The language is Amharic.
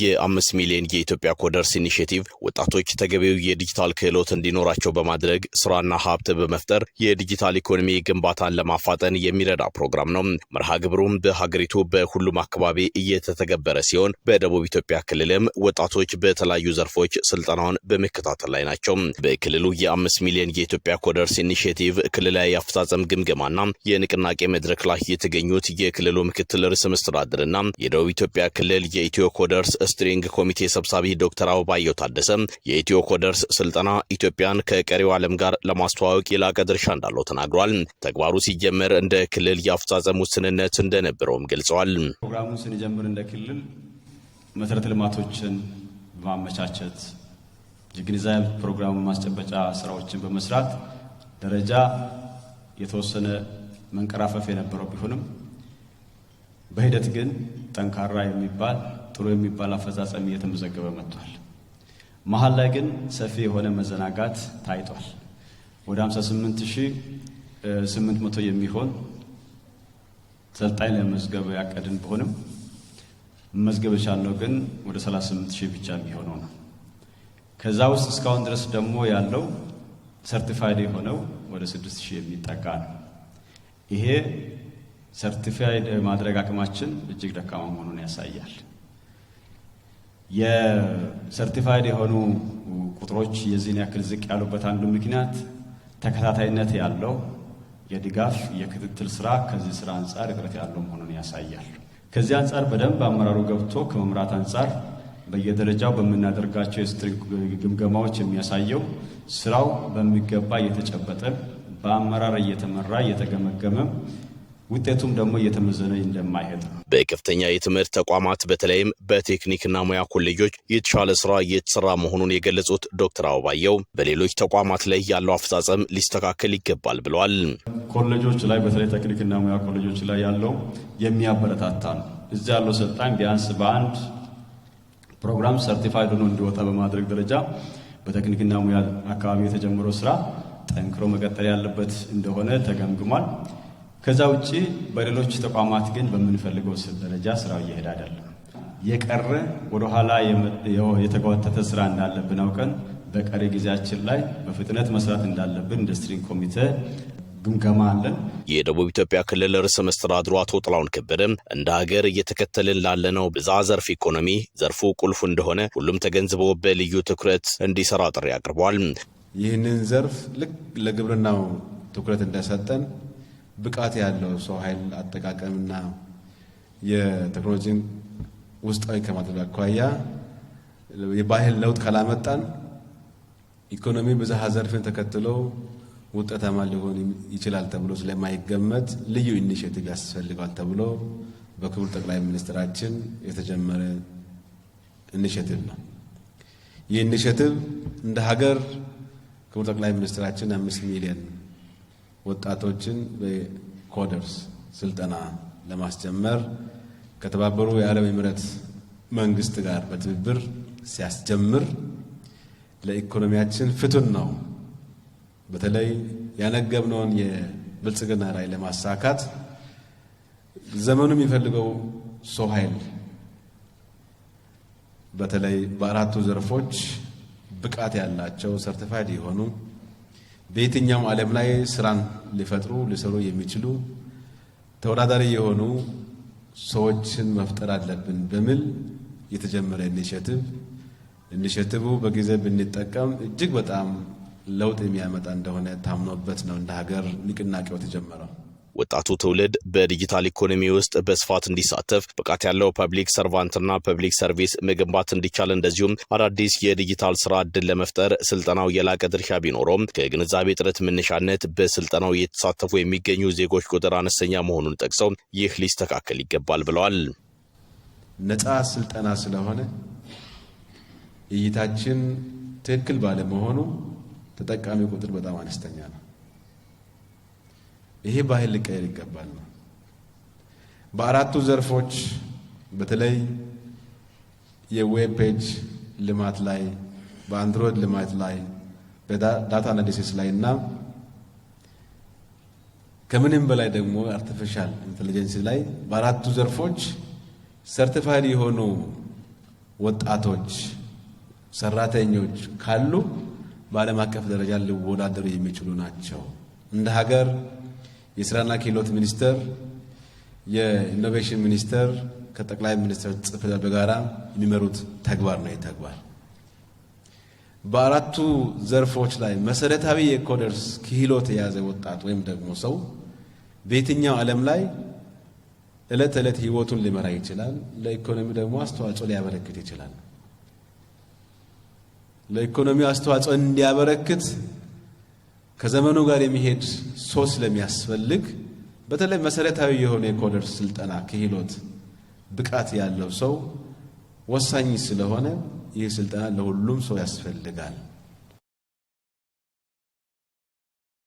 የአምስት ሚሊዮን የኢትዮጵያ ኮደርስ ኢኒሽቲቭ ወጣቶች ተገቢው የዲጂታል ክህሎት እንዲኖራቸው በማድረግ ስራና ሀብት በመፍጠር የዲጂታል ኢኮኖሚ ግንባታን ለማፋጠን የሚረዳ ፕሮግራም ነው። መርሃ ግብሩም በሀገሪቱ በሁሉም አካባቢ እየተተገበረ ሲሆን በደቡብ ኢትዮጵያ ክልልም ወጣቶች በተለያዩ ዘርፎች ስልጠናውን በመከታተል ላይ ናቸው። በክልሉ የአምስት ሚሊዮን የኢትዮጵያ ኮደርስ ኢኒሽቲቭ ክልላዊ አፈጻጸም ግምገማና የንቅናቄ መድረክ ላይ የተገኙት የክልሉ ምክትል ርዕሰ መስተዳድርና የደቡብ ኢትዮጵያ ክልል የኢትዮ ኮደርስ ስትሪንግ ኮሚቴ ሰብሳቢ ዶክተር አበባየሁ ታደሰ የኢትዮ ኮደርስ ስልጠና ኢትዮጵያን ከቀሪው ዓለም ጋር ለማስተዋወቅ የላቀ ድርሻ እንዳለው ተናግሯል። ተግባሩ ሲጀመር እንደ ክልል የአፈጻጸም ውስንነት እንደነበረውም ገልጸዋል። ፕሮግራሙን ስንጀምር እንደ ክልል መሰረተ ልማቶችን በማመቻቸት የግንዛቤ ፕሮግራም ማስጨበጫ ስራዎችን በመስራት ደረጃ የተወሰነ መንቀራፈፍ የነበረው ቢሆንም በሂደት ግን ጠንካራ የሚባል ጥሩ የሚባል አፈጻጸም እየተመዘገበ መጥቷል። መሀል ላይ ግን ሰፊ የሆነ መዘናጋት ታይቷል። ወደ 58800 የሚሆን ሰልጣኝ ለመዝገብ ያቀድን ቢሆንም መዝገብ የቻልነው ግን ወደ 38000 ብቻ የሚሆነው ነው። ከዛ ውስጥ እስካሁን ድረስ ደግሞ ያለው ሰርቲፋይድ የሆነው ወደ 6000 የሚጠጋ ነው። ይሄ ሰርቲፋይድ ማድረግ አቅማችን እጅግ ደካማ መሆኑን ያሳያል። የሰርቲፋይድ የሆኑ ቁጥሮች የዚህን ያክል ዝቅ ያሉበት አንዱ ምክንያት ተከታታይነት ያለው የድጋፍ የክትትል ስራ ከዚህ ስራ አንጻር እጥረት ያለው መሆኑን ያሳያል። ከዚህ አንጻር በደንብ አመራሩ ገብቶ ከመምራት አንጻር በየደረጃው በምናደርጋቸው የስትሪክ ግምገማዎች የሚያሳየው ስራው በሚገባ እየተጨበጠ በአመራር እየተመራ እየተገመገመም ውጤቱም ደግሞ እየተመዘነ እንደማይሄድ ነው። በከፍተኛ የትምህርት ተቋማት በተለይም በቴክኒክና ሙያ ኮሌጆች የተሻለ ስራ እየተሰራ መሆኑን የገለጹት ዶክተር አበባየው በሌሎች ተቋማት ላይ ያለው አፈጻጸም ሊስተካከል ይገባል ብለዋል። ኮሌጆች ላይ በተለይ ቴክኒክና ሙያ ኮሌጆች ላይ ያለው የሚያበረታታ ነው። እዚ ያለው ሰልጣኝ ቢያንስ በአንድ ፕሮግራም ሰርቲፋይድ ሆኖ እንዲወጣ በማድረግ ደረጃ በቴክኒክና ሙያ አካባቢ የተጀመረው ስራ ጠንክሮ መቀጠል ያለበት እንደሆነ ተገምግሟል። ከዛ ውጭ በሌሎች ተቋማት ግን በምንፈልገው ደረጃ ስራው እየሄደ አይደለም። የቀረ ወደኋላ የተጓተተ ስራ እንዳለብን አውቀን በቀሪ ጊዜያችን ላይ በፍጥነት መስራት እንዳለብን ኢንዱስትሪን ኮሚቴ ግምገማ አለን። የደቡብ ኢትዮጵያ ክልል ርዕሰ መስተዳድሩ አቶ ጥላውን ከበደ እንደ ሀገር እየተከተልን ላለነው ብዛ ዘርፍ ኢኮኖሚ ዘርፉ ቁልፉ እንደሆነ ሁሉም ተገንዝቦ በልዩ ትኩረት እንዲሰራ ጥሪ አቅርቧል። ይህንን ዘርፍ ልክ ለግብርናው ትኩረት እንደሰጠን ብቃት ያለው ሰው ኃይል አጠቃቀምና የቴክኖሎጂን ውስጣዊ ከማድረግ አኳያ የባህል ለውጥ ካላመጣን ኢኮኖሚ ብዝሃ ዘርፍን ተከትሎ ውጤታማ ሊሆን ይችላል ተብሎ ስለማይገመት ልዩ ኢኒሽቲቭ ያስፈልገዋል ተብሎ በክቡር ጠቅላይ ሚኒስትራችን የተጀመረ ኢኒሽቲቭ ነው። ይህ ኢኒሽቲቭ እንደ ሀገር ክቡር ጠቅላይ ሚኒስትራችን አምስት ሚሊዮን ወጣቶችን በኮደርስ ስልጠና ለማስጀመር ከተባበሩ የአረብ ኤምረት መንግስት ጋር በትብብር ሲያስጀምር ለኢኮኖሚያችን ፍቱን ነው። በተለይ ያነገብነውን የብልጽግና ራዕይ ለማሳካት ዘመኑ የሚፈልገው ሰው ኃይል በተለይ በአራቱ ዘርፎች ብቃት ያላቸው ሰርቲፋይድ የሆኑ በየትኛውም ዓለም ላይ ስራን ሊፈጥሩ ሊሰሩ የሚችሉ ተወዳዳሪ የሆኑ ሰዎችን መፍጠር አለብን በሚል የተጀመረ ኢኒሽቲቭ ኢኒሽቲቭ በጊዜ ብንጠቀም እጅግ በጣም ለውጥ የሚያመጣ እንደሆነ ታምኖበት ነው እንደ ሀገር ንቅናቄው የተጀመረው። ወጣቱ ትውልድ በዲጂታል ኢኮኖሚ ውስጥ በስፋት እንዲሳተፍ ብቃት ያለው ፐብሊክ ሰርቫንትና ፐብሊክ ሰርቪስ መገንባት እንዲቻል እንደዚሁም አዳዲስ የዲጂታል ስራ እድል ለመፍጠር ስልጠናው የላቀ ድርሻ ቢኖረውም ከግንዛቤ ጥረት መነሻነት በስልጠናው እየተሳተፉ የሚገኙ ዜጎች ቁጥር አነስተኛ መሆኑን ጠቅሰው ይህ ሊስተካከል ይገባል ብለዋል። ነጻ ስልጠና ስለሆነ እይታችን ትክክል ባለመሆኑ ተጠቃሚ ቁጥር በጣም አነስተኛ ነው። ይሄ ባህል ሊቀየር ይገባል ነው። በአራቱ ዘርፎች በተለይ የዌብ ፔጅ ልማት ላይ፣ በአንድሮይድ ልማት ላይ፣ በዳታ አናሊሲስ ላይ እና ከምንም በላይ ደግሞ አርቲፊሻል ኢንቴሊጀንስ ላይ በአራቱ ዘርፎች ሰርቲፋይድ የሆኑ ወጣቶች ሰራተኞች ካሉ በዓለም አቀፍ ደረጃ ሊወዳደሩ የሚችሉ ናቸው እንደ ሀገር የስራና ክህሎት ሚኒስቴር፣ የኢኖቬሽን ሚኒስቴር ከጠቅላይ ሚኒስትር ጽሕፈት ቤት የሚመሩት ተግባር ነው። የተግባር በአራቱ ዘርፎች ላይ መሰረታዊ የኮደርስ ክህሎት የያዘ ወጣት ወይም ደግሞ ሰው በየትኛው ዓለም ላይ ዕለት ዕለት ህይወቱን ሊመራ ይችላል። ለኢኮኖሚ ደግሞ አስተዋጽኦ ሊያበረክት ይችላል። ለኢኮኖሚ አስተዋጽኦ እንዲያበረክት ከዘመኑ ጋር የሚሄድ ሰው ስለሚያስፈልግ በተለይ መሰረታዊ የሆነ የኮደር ስልጠና ክህሎት ብቃት ያለው ሰው ወሳኝ ስለሆነ ይህ ስልጠና ለሁሉም ሰው ያስፈልጋል።